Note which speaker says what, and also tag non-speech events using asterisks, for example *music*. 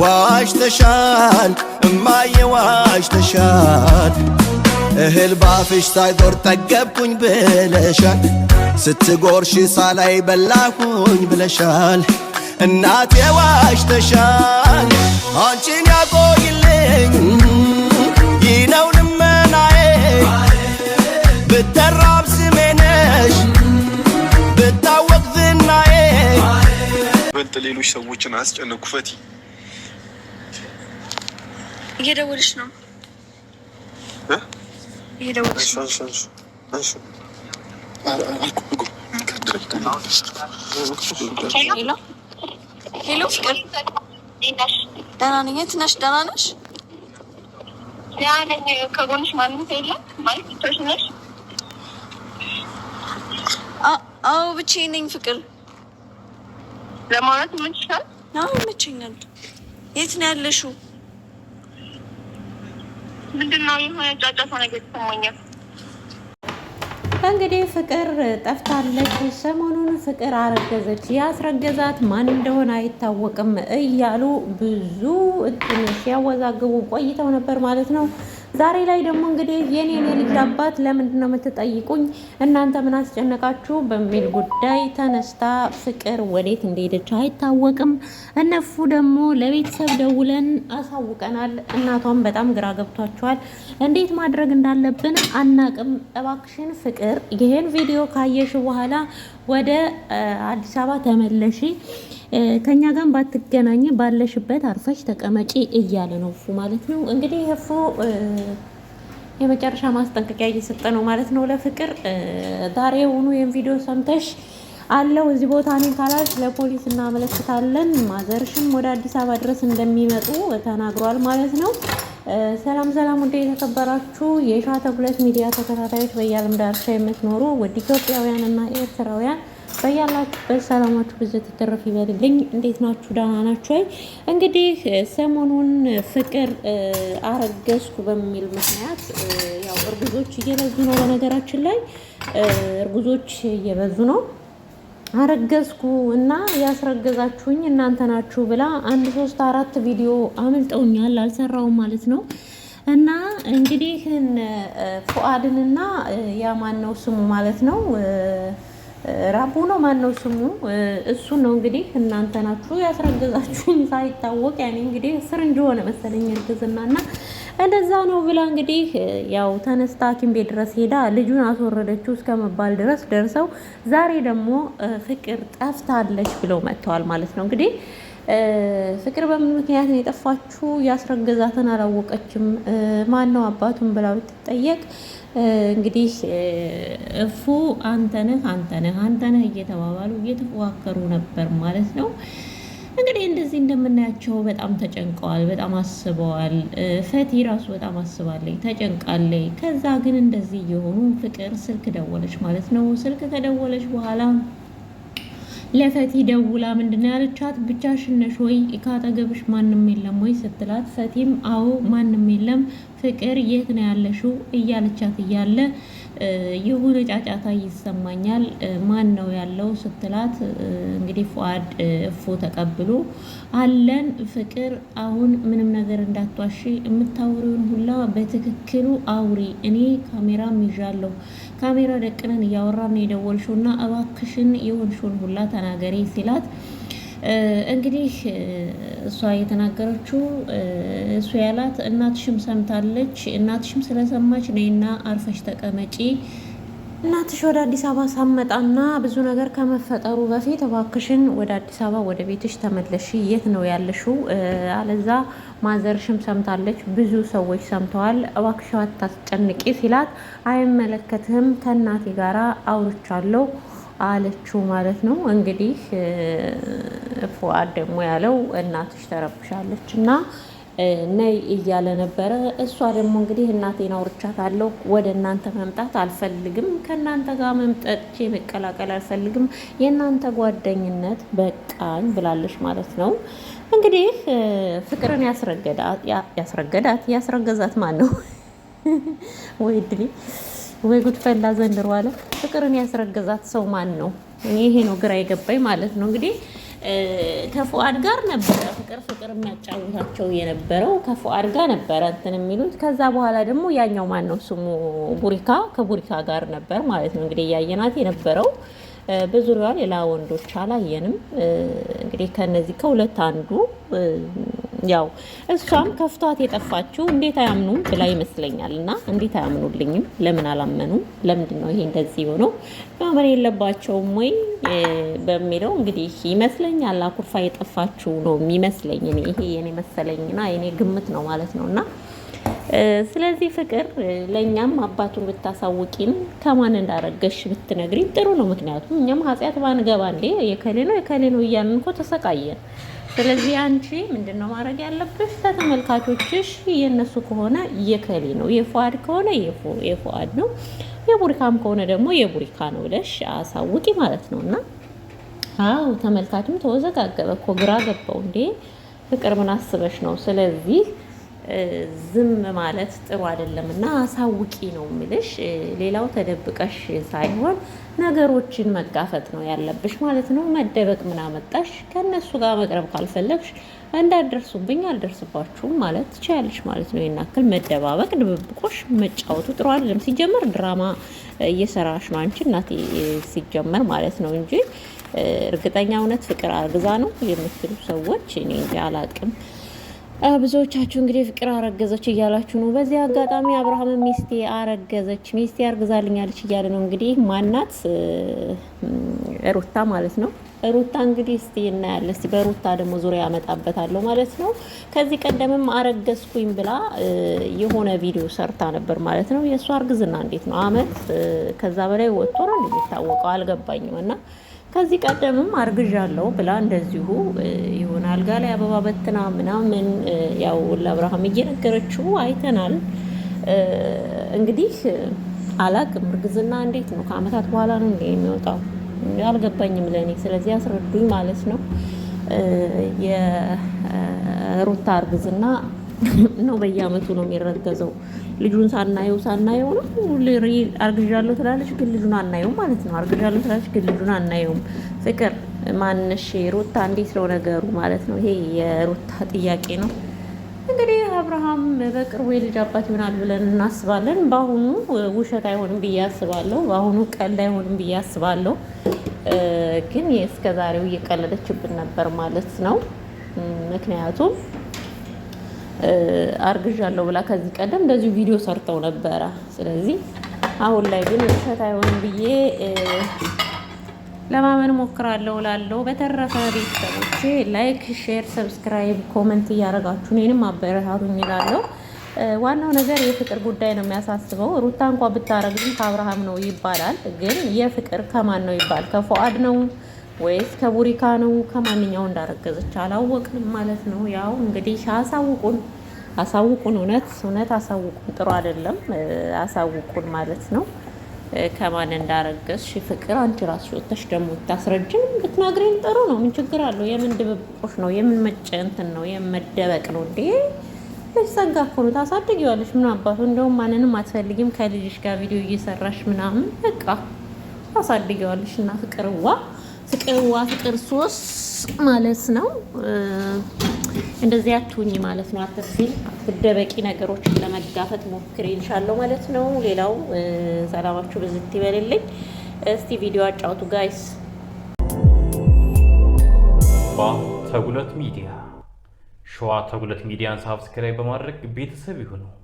Speaker 1: ዋሽተሻል እማዬ ዋሽተሻል እህል ባፍሽ ሳይዞር ጠገብኩኝ ብለሻል ስትጎርሽ ሳላይ በላኩኝ ብለሻል እናቴ ዋሽተሻል አንቺን ያቆይልኝ ይነው ልመናዬ ብተራብ ስሜነሽ ብታወቅ ዝናዬ
Speaker 2: በልጥ ሌሎች ሰዎችን አስጨነኩ ፈቲ
Speaker 3: እየደወለች ነው እየደወለች ነው። ሄሎ ደህና ነኝ። የት ነሽ? ደህና ነሽ?
Speaker 4: ከጎንሽ ማንም የለም ማለት ብቻሽ ነሽ?
Speaker 3: አዎ ብቻዬን ነኝ። ፍቅር
Speaker 4: ለማውራት ምን ይሻል?
Speaker 3: አዎ ይመቸኛል። የት ነው ያለሽው?
Speaker 5: እንግዲህ ፍቅር ጠፍታለች። ሰሞኑን ፍቅር አረገዘች፣ ያስረገዛት ማን እንደሆነ አይታወቅም እያሉ ብዙ እንትን ሲያወዛግቡ ቆይተው ነበር ማለት ነው። ዛሬ ላይ ደግሞ እንግዲህ የኔን የልጅ አባት ለምንድን ነው የምትጠይቁኝ እናንተ ምን አስጨነቃችሁ በሚል ጉዳይ ተነስታ ፍቅር ወዴት እንደሄደች አይታወቅም። እነፉ ደግሞ ለቤተሰብ ደውለን አሳውቀናል። እናቷም በጣም ግራ ገብቷቸዋል። እንዴት ማድረግ እንዳለብን አናቅም። እባክሽን ፍቅር ይህን ቪዲዮ ካየሽ በኋላ ወደ አዲስ አበባ ተመለሽ ከኛ ጋር ባትገናኝ ባለሽበት አርፈሽ ተቀመጪ እያለ ነው እፉ ማለት ነው እንግዲህ እፉ የመጨረሻ ማስጠንቀቂያ እየሰጠ ነው ማለት ነው ለፍቅር። ዛሬ ውኑ ይህን ቪዲዮ ሰምተሽ አለው እዚህ ቦታ እኔ ካላልሽ ለፖሊስ እናመለክታለን፣ ማዘርሽም ወደ አዲስ አበባ ድረስ እንደሚመጡ ተናግሯል ማለት ነው። ሰላም ሰላም፣ ውድ የተከበራችሁ የሻተ ሁለት ሚዲያ ተከታታዮች በየዓለም ዳርቻ የምትኖሩ ውድ ኢትዮጵያውያን እና ኤርትራውያን በያላችሁበት ሰላማችሁ ብዙ ተተረፍ ይበልልኝ። እንዴት ናችሁ? ደህና ናችሁ ወይ? እንግዲህ ሰሞኑን ፍቅር አረገዝኩ በሚል ምክንያት ያው እርጉዞች እየበዙ ነው። በነገራችን ላይ እርጉዞች እየበዙ ነው። አረገዝኩ እና ያስረገዛችሁኝ እናንተ ናችሁ ብላ አንድ ሶስት አራት ቪዲዮ አምልጠውኛል፣ አልሰራውም ማለት ነው። እና እንግዲህ ፉአድንና ያ ማነው ነው ስሙ ማለት ነው ራቡ ነው ማን ነው ስሙ? እሱ ነው እንግዲህ እናንተ ናችሁ ያስረገዛችሁኝ ሳይታወቅ። ያኔ እንግዲህ ስር እንደሆነ መሰለኝ እርግዝና እና እንደዛ ነው ብላ እንግዲህ ያው ተነስታ ሐኪም ቤት ድረስ ሄዳ ልጁን አስወረደችው እስከ መባል ድረስ ደርሰው ዛሬ ደግሞ ፍቅር ጠፍታለች ብለው መጥተዋል ማለት ነው እንግዲህ ፍቅር በምን ምክንያት ነው የጠፋችሁ? ያስረገዛትን አላወቀችም። ማን ነው አባቱን ብላ ብትጠየቅ እንግዲህ እፉ አንተነህ አንተነህ አንተነህ እየተባባሉ እየተፎካከሩ ነበር ማለት ነው። እንግዲህ እንደዚህ እንደምናያቸው በጣም ተጨንቀዋል፣ በጣም አስበዋል። ፈቲ ራሱ በጣም አስባለች፣ ተጨንቃለች። ከዛ ግን እንደዚህ እየሆኑ ፍቅር ስልክ ደወለች ማለት ነው። ስልክ ከደወለች በኋላ ለፈቲ ደውላ ምንድነው ያለቻት? ብቻሽን ነሽ ወይ ካጠገብሽ ማንም የለም ወይ ስትላት፣ ፈቲም አዎ ማንም የለም ፍቅር የት ነው ያለሽው እያለቻት እያለ የሆነ ጫጫታ ይሰማኛል፣ ማን ነው ያለው ስትላት እንግዲህ ፉአድ እፎ ተቀብሎ አለን ፍቅር፣ አሁን ምንም ነገር እንዳትዋሺ፣ የምታውሪውን ሁላ በትክክሉ አውሪ። እኔ ካሜራ ይዣለሁ፣ ካሜራ ደቅነን እያወራን የደወልሽውና እባክሽን የሆንሽውን ሁላ ተናገሪ ሲላት እንግዲህ እሷ የተናገረችው እሱ ያላት እናትሽም ሰምታለች። እናትሽም ስለሰማች ነይና አርፈሽ ተቀመጪ። እናትሽ ወደ አዲስ አበባ ሳመጣና ብዙ ነገር ከመፈጠሩ በፊት እባክሽን ወደ አዲስ አበባ ወደ ቤትሽ ተመለሽ። የት ነው ያለሽው? አለዛ ማዘርሽም ሰምታለች፣ ብዙ ሰዎች ሰምተዋል። እባክሽ አታስጨንቂ ሲላት አይመለከትህም፣ ከእናቴ ጋራ አውርቻለሁ አለችው ማለት ነው። እንግዲህ ፉአድ ደግሞ ያለው እናትሽ ተረብሻለች እና ነይ እያለ ነበረ። እሷ ደግሞ እንግዲህ እናቴን አውርቻታለሁ፣ ወደ እናንተ መምጣት አልፈልግም፣ ከእናንተ ጋር መምጠጥቼ መቀላቀል አልፈልግም፣ የእናንተ ጓደኝነት በቃኝ ብላለች ማለት ነው። እንግዲህ ፍቅርን ያስረገዳት ያስረገዳት ያስረገዛት ማን ነው *laughs* ወይ ወይ ፈላ ዘንድሮ አለ። ፍቅርን ያስረገዛት ሰው ማን ነው? ይሄ ነው ግራ የገባኝ ማለት ነው። እንግዲህ ከፉአድ ጋር ነበረ ፍቅር ፍቅር የሚያጫውታቸው የነበረው ከፉአድ ጋር ነበረ እንትን የሚሉት። ከዛ በኋላ ደግሞ ያኛው ማን ነው ስሙ ቡሪካ ከቡሪካ ጋር ነበር ማለት ነው። እንግዲህ እያየናት የነበረው በዙሪያዋ ሌላ ወንዶች አላየንም። እንግዲህ ከነዚህ ከሁለት አንዱ ያው እሷም ከፍቷት የጠፋችው እንዴት አያምኑም ብላ ይመስለኛል። እና እንዴት አያምኑልኝም? ለምን አላመኑም? ለምንድን ነው ይሄ እንደዚህ ሆነው ማመን የለባቸውም ወይ በሚለው እንግዲህ ይመስለኛል አኩርፋ የጠፋችው ነው የሚመስለኝ። ይሄ የኔ መሰለኝና የኔ ግምት ነው ማለት ነው እና ስለዚህ ፍቅር ለእኛም አባቱን ብታሳውቂን ከማን እንዳረገሽ ብትነግሪን ጥሩ ነው። ምክንያቱም እኛም ኃጢአት ባንገባ እንዴ የከሌ ነው የከሌ ነው እያልን እኮ ተሰቃየን። ስለዚህ አንቺ ምንድን ነው ማድረግ ያለብሽ? ተመልካቾችሽ የእነሱ ከሆነ የከሌ ነው፣ የፉአድ ከሆነ የፉአድ ነው፣ የቡሪካም ከሆነ ደግሞ የቡሪካ ነው ብለሽ አሳውቂ ማለት ነው። እና አዎ ተመልካችም ተወዘጋገበ እኮ ግራ ገባው። እንዴ ፍቅር ምን አስበሽ ነው? ስለዚህ ዝም ማለት ጥሩ አይደለም እና አሳውቂ ነው የምልሽ። ሌላው ተደብቀሽ ሳይሆን ነገሮችን መጋፈጥ ነው ያለብሽ ማለት ነው። መደበቅ ምን አመጣሽ? ከእነሱ ጋር መቅረብ ካልፈለግሽ እንዳደርሱብኝ አልደርስባችሁም ማለት ትችያለሽ ማለት ነው። ይሄን ያክል መደባበቅ፣ ድብብቆሽ መጫወቱ ጥሩ አይደለም። ሲጀመር ድራማ እየሰራሽ ነው አንቺ እናቴ፣ ሲጀመር ማለት ነው እንጂ እርግጠኛ እውነት ፍቅር አርግዛ ነው የምትሉ ሰዎች እኔ እንጂ አላቅም። ብዙዎቻችሁ እንግዲህ ፍቅር አረገዘች እያላችሁ ነው። በዚህ አጋጣሚ አብርሃም ሚስቴ አረገዘች ሚስቴ አርግዛልኛለች እያለ ነው። እንግዲህ ማናት ሩታ ማለት ነው። ሩታ እንግዲህ እስቲ እናያለን። እስቲ በሩታ ደግሞ ዙሪያ ያመጣበታለሁ ማለት ነው። ከዚህ ቀደምም አረገዝኩኝ ብላ የሆነ ቪዲዮ ሰርታ ነበር ማለት ነው። የእሷ እርግዝና እንዴት ነው? አመት ከዛ በላይ ወጥቶ ነው የሚታወቀው። አልገባኝም እና ከዚህ ቀደምም አርግዣለሁ ብላ እንደዚሁ የሆነ አልጋ ላይ አበባ በትና ምናምን ያው ለአብርሃም እየነገረችው አይተናል። እንግዲህ አላቅም እርግዝና እንዴት ነው? ከአመታት በኋላ ነው እንደ የሚወጣው አልገባኝም ለእኔ። ስለዚህ አስረዱኝ ማለት ነው። የሩታ እርግዝና ነው በየአመቱ ነው የሚረገዘው ልጁን ሳናየው ሳናየው ነው አርግዣለሁ ትላለች፣ ግን ልጁን አናየውም ማለት ነው። አርግዣለሁ ትላለች፣ ግን ልጁን አናየውም። ፍቅር ማንሽ ሩታ እንዴት ነው ነገሩ ማለት ነው። ይሄ የሩታ ጥያቄ ነው። እንግዲህ አብርሃም በቅርቡ የልጅ አባት ይሆናል ብለን እናስባለን። በአሁኑ ውሸት አይሆንም ብዬ አስባለሁ። በአሁኑ ቀልድ አይሆንም ብዬ አስባለሁ። ግን እስከዛሬው እየቀለደችብን ነበር ማለት ነው። ምክንያቱም አርግዣለሁ ብላ ከዚህ ቀደም እንደዚሁ ቪዲዮ ሰርተው ነበረ። ስለዚህ አሁን ላይ ግን ውሸት አይሆንም ብዬ ለማመን ሞክራለሁ ላለው በተረፈ ቤተሰቦቼ ላይክ፣ ሼር፣ ሰብስክራይብ፣ ኮመንት እያደረጋችሁ እኔንም አበረታቱኝ ይላለሁ ዋናው ነገር የፍቅር ጉዳይ ነው የሚያሳስበው። ሩታ እንኳ ብታረግዝም ከአብርሃም ነው ይባላል። ግን የፍቅር ከማን ነው ይባል? ከፎአድ ነው ወይስ ከቡሪካ ነው ከማንኛው እንዳረገዘች አላወቅንም ማለት ነው። ያው እንግዲህ አሳውቁን አሳውቁን እውነት እውነት አሳውቁን። ጥሩ አይደለም። አሳውቁን ማለት ነው ከማን እንዳረገዝሽ። ፍቅር አንቺ ራስሽ ወጥተሽ ደግሞ ታስረጅም ብትናግሪን ጥሩ ነው። ምን ችግር አለው? የምን ድብቆሽ ነው? የምን መጨ እንትን ነው? የምን መደበቅ ነው እንዴ? ልጅ እኮ ነው። ታሳድጊዋለሽ። ምን አባቱ እንደውም ማንንም አትፈልጊም። ከልጅሽ ጋር ቪዲዮ እየሰራሽ ምናምን በቃ ታሳድጊዋለሽ እና ፍቅርዋ ፍቅርዋ ፍቅር ሶስት ማለት ነው። እንደዚህ አትሁኝ ማለት ነው። አትርሲ ትደበቂ ነገሮችን ለመጋፈጥ ሞክሪ ይልሻለሁ ማለት ነው። ሌላው ሰላማችሁ ብዝት ይበልልኝ። እስቲ ቪዲዮ አጫውቱ ጋይስ።
Speaker 6: ተጉለት ሚዲያ ሸዋ ተጉለት ሚዲያን ሳብስክራይብ በማድረግ ቤተሰብ ይሁኑ።